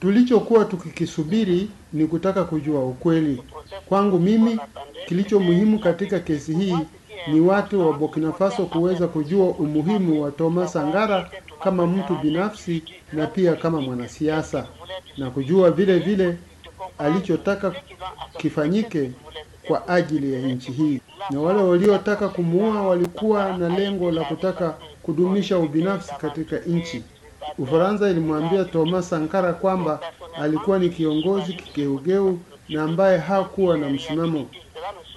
Tulichokuwa tukikisubiri ni kutaka kujua ukweli. Kwangu mimi Kilicho muhimu katika kesi hii ni watu wa Burkina Faso kuweza kujua umuhimu wa Thomas sangara kama mtu binafsi na pia kama mwanasiasa na kujua vile vile alichotaka kifanyike kwa ajili ya nchi hii. Na wale waliotaka kumuua walikuwa na lengo la kutaka kudumisha ubinafsi katika nchi. Ufaransa ilimwambia Thomas Sankara kwamba alikuwa ni kiongozi kigeugeu na ambaye hakuwa na msimamo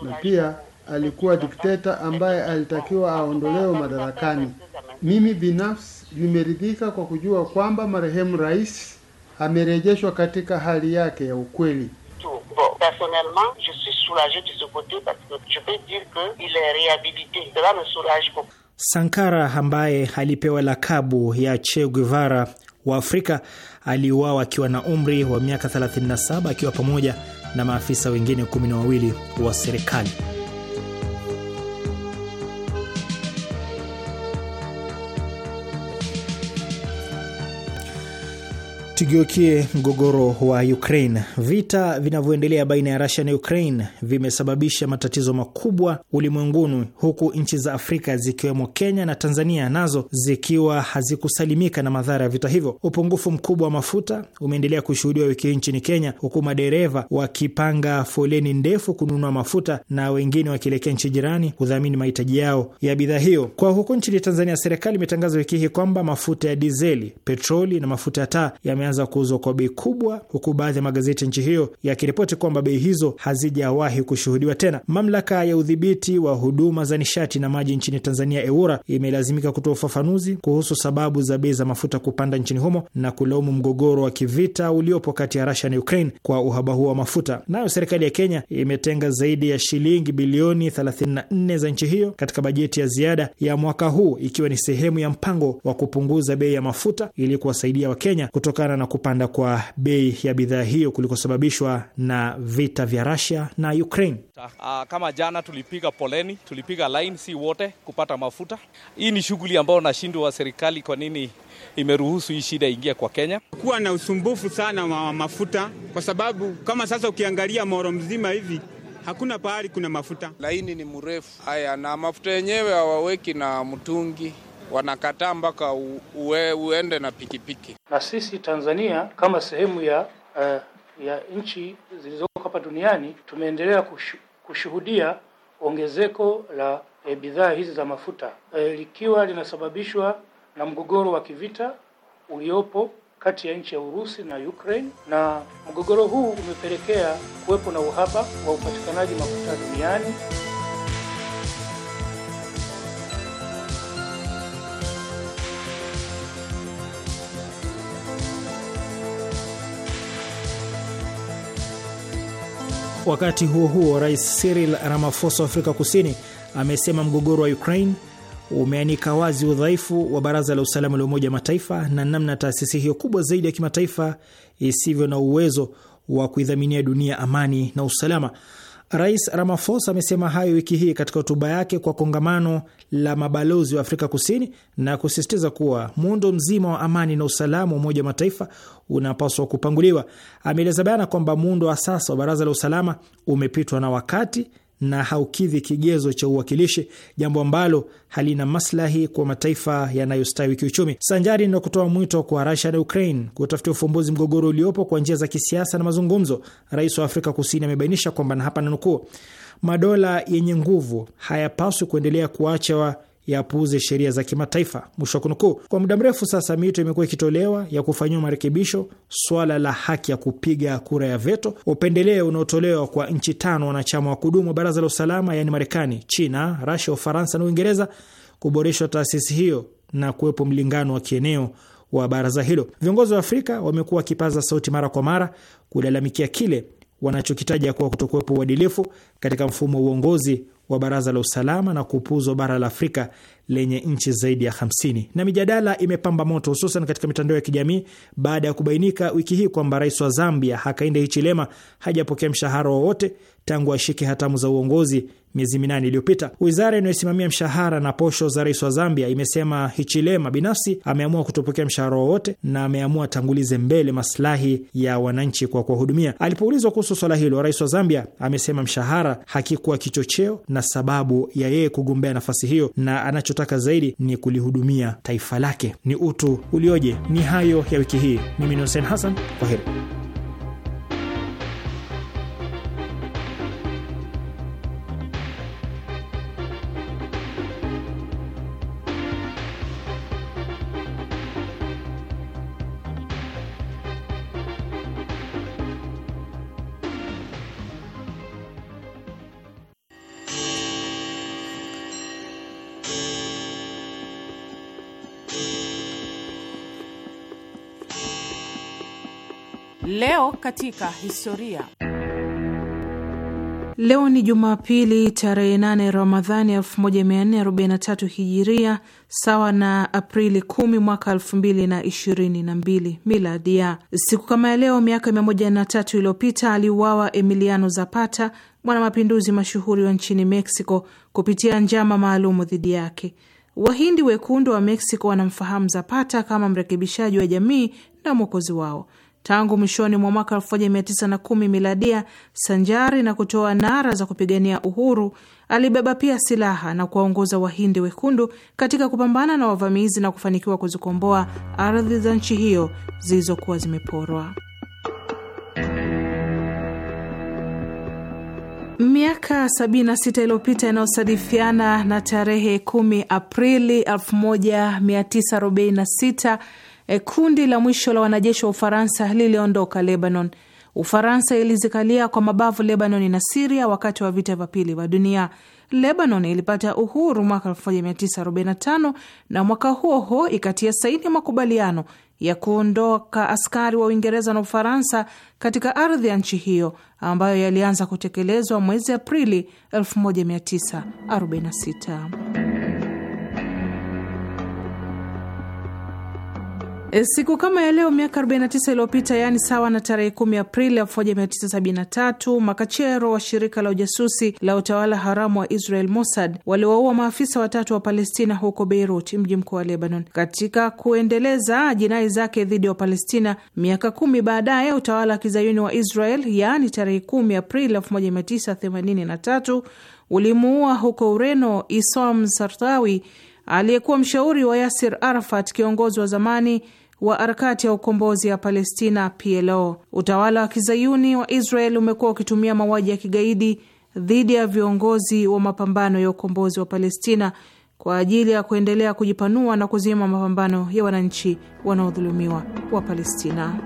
na pia alikuwa dikteta ambaye alitakiwa aondolewe madarakani. Mimi binafsi nimeridhika kwa kujua kwamba marehemu rais amerejeshwa katika hali yake ya ukweli. Sankara ambaye alipewa lakabu ya Che Guevara wa Afrika aliuawa akiwa na umri wa miaka 37 akiwa pamoja na maafisa wengine kumi na wawili wa serikali. Tugeukie mgogoro wa Ukraine. Vita vinavyoendelea baina ya rasia na Ukraine vimesababisha matatizo makubwa ulimwenguni, huku nchi za Afrika zikiwemo Kenya na Tanzania nazo zikiwa hazikusalimika na madhara ya vita hivyo. Upungufu mkubwa wa mafuta umeendelea kushuhudiwa wiki hii nchini Kenya, huku madereva wakipanga foleni ndefu kununua mafuta na wengine wakielekea nchi jirani kudhamini mahitaji yao ya bidhaa hiyo. Kwa huku nchini Tanzania, serikali imetangaza wiki hii kwamba mafuta ya dizeli, petroli na mafuta ya taa yame zimeanza kuuzwa kwa bei kubwa, huku baadhi ya magazeti nchi hiyo yakiripoti kwamba bei hizo hazijawahi kushuhudiwa tena. Mamlaka ya udhibiti wa huduma za nishati na maji nchini Tanzania, EWURA, imelazimika kutoa ufafanuzi kuhusu sababu za bei za mafuta kupanda nchini humo na kulaumu mgogoro wa kivita uliopo kati ya Rusia na Ukraine kwa uhaba huo wa mafuta. Nayo serikali ya Kenya imetenga zaidi ya shilingi bilioni 34 za nchi hiyo katika bajeti ya ziada ya mwaka huu, ikiwa ni sehemu ya mpango wa kupunguza bei ya mafuta ili kuwasaidia Wakenya kutokana na kupanda kwa bei ya bidhaa hiyo kulikosababishwa na vita vya Russia na Ukraine. Ah, kama jana tulipiga poleni, tulipiga laini, si wote kupata mafuta. Hii ni shughuli ambayo nashindwa serikali, kwa nini imeruhusu hii shida ingia kwa Kenya, kuwa na usumbufu sana wa mafuta, kwa sababu kama sasa ukiangalia Moro mzima hivi hakuna pahali kuna mafuta, laini ni mrefu haya, na mafuta yenyewe hawaweki na mtungi wanakataa mpaka uende na pikipiki. Na sisi Tanzania kama sehemu ya uh, ya nchi zilizoko hapa duniani tumeendelea kushu, kushuhudia ongezeko la e, bidhaa hizi za mafuta e, likiwa linasababishwa na mgogoro wa kivita uliopo kati ya nchi ya Urusi na Ukraine, na mgogoro huu umepelekea kuwepo na uhaba wa upatikanaji mafuta duniani. Wakati huo huo, Rais Cyril Ramaphosa wa Afrika Kusini amesema mgogoro wa Ukraine umeanika wazi udhaifu wa Baraza la Usalama la Umoja wa Mataifa na namna taasisi hiyo kubwa zaidi ya kimataifa isivyo na uwezo wa kuidhaminia dunia amani na usalama. Rais Ramaphosa amesema hayo wiki hii katika hotuba yake kwa kongamano la mabalozi wa Afrika Kusini na kusisitiza kuwa muundo mzima wa amani na usalama wa Umoja wa Mataifa unapaswa kupanguliwa. Ameeleza bayana kwamba muundo wa sasa wa Baraza la Usalama umepitwa na wakati na haukidhi kigezo cha uwakilishi, jambo ambalo halina maslahi kwa mataifa yanayostawi kiuchumi. Sanjari na kutoa mwito kwa rasia na Ukraine kutafutia ufumbuzi mgogoro uliopo kwa njia za kisiasa na mazungumzo, rais wa Afrika Kusini amebainisha kwamba, na hapa nanukuu, madola yenye nguvu hayapaswi kuendelea kuacha yapuuze sheria za kimataifa, mwisho wa kunukuu. Kwa muda mrefu sasa, miito imekuwa ikitolewa ya kufanyiwa marekebisho swala la haki ya kupiga kura ya veto, upendeleo unaotolewa kwa nchi tano wanachama wa kudumu wa baraza la usalama, yaani Marekani, China, Rasia, Ufaransa na Uingereza, kuboreshwa taasisi hiyo na kuwepo mlingano wa kieneo wa baraza hilo. Viongozi wa Afrika wamekuwa wakipaza sauti mara kwa mara kulalamikia kile wanachokitaja kuwa kutokuwepo uadilifu katika mfumo wa uongozi wa Baraza la Usalama na kupuuzwa bara la Afrika lenye nchi zaidi ya 50. Na mijadala imepamba moto hususan katika mitandao ya kijamii baada ya kubainika wiki hii kwamba rais wa Zambia Hakainde Hichilema hajapokea mshahara wowote tangu ashike hatamu za uongozi miezi minane iliyopita. Wizara inayosimamia mshahara na posho za rais wa Zambia imesema Hichilema binafsi ameamua kutopokea mshahara wowote na ameamua tangulize mbele maslahi ya wananchi kwa kuwahudumia. Alipoulizwa kuhusu swala hilo, rais wa Zambia amesema mshahara hakikuwa kichocheo na sababu ya yeye kugombea nafasi hiyo, na anachotaka zaidi ni kulihudumia taifa lake. Ni utu ulioje! Ni hayo ya wiki hii. Mimi ni Hussein Hassan, kwa heri. Leo katika historia. Leo ni Jumapili tarehe 8 Ramadhani 1443 Hijiria, sawa na Aprili 10 mwaka 2022 Miladia. Siku kama ya leo miaka 103 iliyopita aliuawa Emiliano Zapata, mwanamapinduzi mashuhuri wa nchini Mexico, kupitia njama maalumu dhidi yake. Wahindi wekundu wa Mexico wanamfahamu Zapata kama mrekebishaji wa jamii na mwokozi wao tangu mwishoni mwa mwaka 1910 miladia, sanjari na kutoa nara za kupigania uhuru, alibeba pia silaha na kuwaongoza Wahindi wekundu katika kupambana na wavamizi na kufanikiwa kuzikomboa ardhi za nchi hiyo zilizokuwa zimeporwa. Miaka 76 iliyopita inayosadifiana na tarehe 10 Aprili 1946 E, kundi la mwisho la wanajeshi wa Ufaransa liliondoka Lebanon. Ufaransa ilizikalia kwa mabavu Lebanon na Siria wakati wa vita vya pili vya dunia. Lebanon ilipata uhuru mwaka 1945 na mwaka huo huo ikatia saini makubaliano ya kuondoka askari wa Uingereza na Ufaransa katika ardhi ya nchi hiyo ambayo yalianza kutekelezwa mwezi Aprili 1946. E, siku kama ya leo miaka 49 iliyopita, yaani sawa na tarehe 10 Aprili 1973, makachero wa shirika la ujasusi la utawala haramu wa Israel Mossad waliwaua maafisa watatu wa Palestina huko Beirut, mji mkuu wa Lebanon, katika kuendeleza jinai zake dhidi ya Palestina. Miaka kumi baadaye, utawala wa kizayuni wa Israel, yaani tarehe 10 Aprili 1983, ulimuua huko Ureno Isom Sartawi aliyekuwa mshauri wa Yasir Arafat, kiongozi wa zamani wa harakati ya ukombozi ya Palestina PLO. Utawala wa kizayuni wa Israel umekuwa ukitumia mauaji ya kigaidi dhidi ya viongozi wa mapambano ya ukombozi wa Palestina kwa ajili ya kuendelea kujipanua na kuzima mapambano ya wananchi wanaodhulumiwa wa Palestina.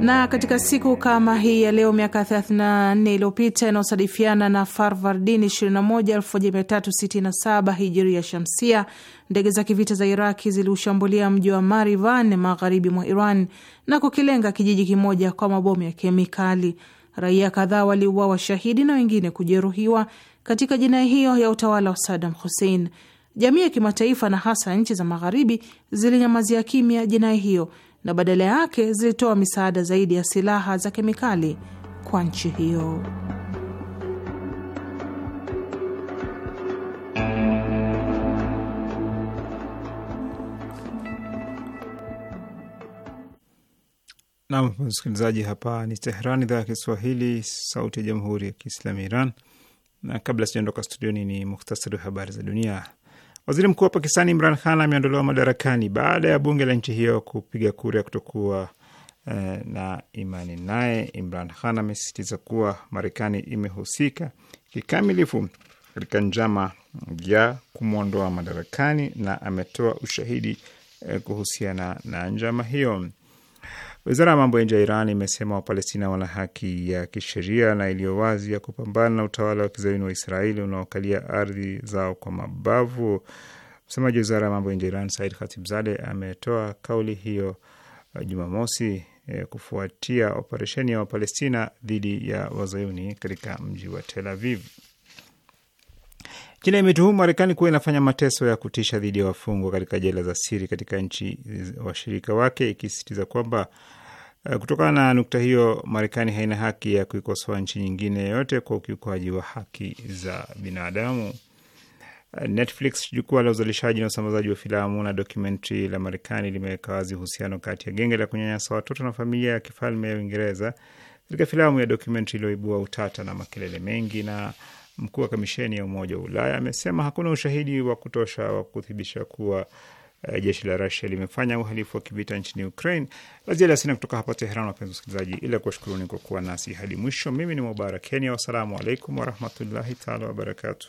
na katika siku kama hii ya leo miaka 34 iliyopita inayosadifiana na Farvardini 21 1367 ya shamsia, ndege za kivita za Iraki ziliushambulia mji wa Marivan magharibi mwa Iran na kukilenga kijiji kimoja kwa mabomu ya kemikali. Raia kadhaa waliuawa washahidi na wengine kujeruhiwa katika jinai hiyo ya utawala wa Saddam Hussein. Jamii ya kimataifa na hasa nchi za magharibi zilinyamazia kimya jinai hiyo na badala yake zilitoa misaada zaidi ya silaha za kemikali kwa nchi hiyo. Nam msikilizaji, hapa ni Tehran, idhaa ya Kiswahili, sauti ya jamhuri ya kiislamu ya Iran. Na kabla sijaondoka studioni, ni muhtasari wa habari za dunia. Waziri mkuu wa Pakistani Imran Khan ameondolewa madarakani baada ya bunge la nchi hiyo kupiga kura ya kutokuwa eh, na imani naye. Imran Khan amesisitiza kuwa Marekani imehusika kikamilifu katika njama ya kumwondoa madarakani na ametoa ushahidi eh, kuhusiana na njama hiyo. Wizara ya mambo ya nje ya Iran imesema Wapalestina wana haki ya kisheria na iliyo wazi ya kupambana na utawala wa kizayuni wa Israeli unaokalia ardhi zao kwa mabavu. Msemaji wa wizara ya mambo ya nje ya Iran Said Khatibzadeh ametoa kauli hiyo uh, Jumamosi eh, kufuatia operesheni ya Wapalestina dhidi ya wazayuni katika mji wa Tel Aviv. China imetuhumu Marekani kuwa inafanya mateso ya kutisha dhidi ya wafungwa katika jela za siri katika nchi washirika wake, ikisisitiza kwamba eh, kutokana na nukta hiyo, Marekani haina haki ya kuikosoa nchi nyingine yoyote kwa ukiukaji wa haki za binadamu. Eh, Netflix, jukwaa la uzalishaji na usambazaji wa filamu na dokumentari la Marekani, limeweka wazi uhusiano kati ya genge la kunyanyasa watoto na familia ya kifalme ya Uingereza katika filamu ya dokumentari iliyoibua utata na makelele mengi na mkuu wa kamisheni ya Umoja wa Ulaya amesema hakuna ushahidi wa kutosha wa kuthibitisha kuwa uh, jeshi la Rasia limefanya uhalifu wa kivita nchini Ukraine. La ziada sina kutoka hapa Teheran, wapenzi wasikilizaji, ila kuwashukuruni kwa kuwa nasi hadi mwisho. Mimi ni Mubarak Kenya, wassalamu alaikum warahmatullahi taala wabarakatu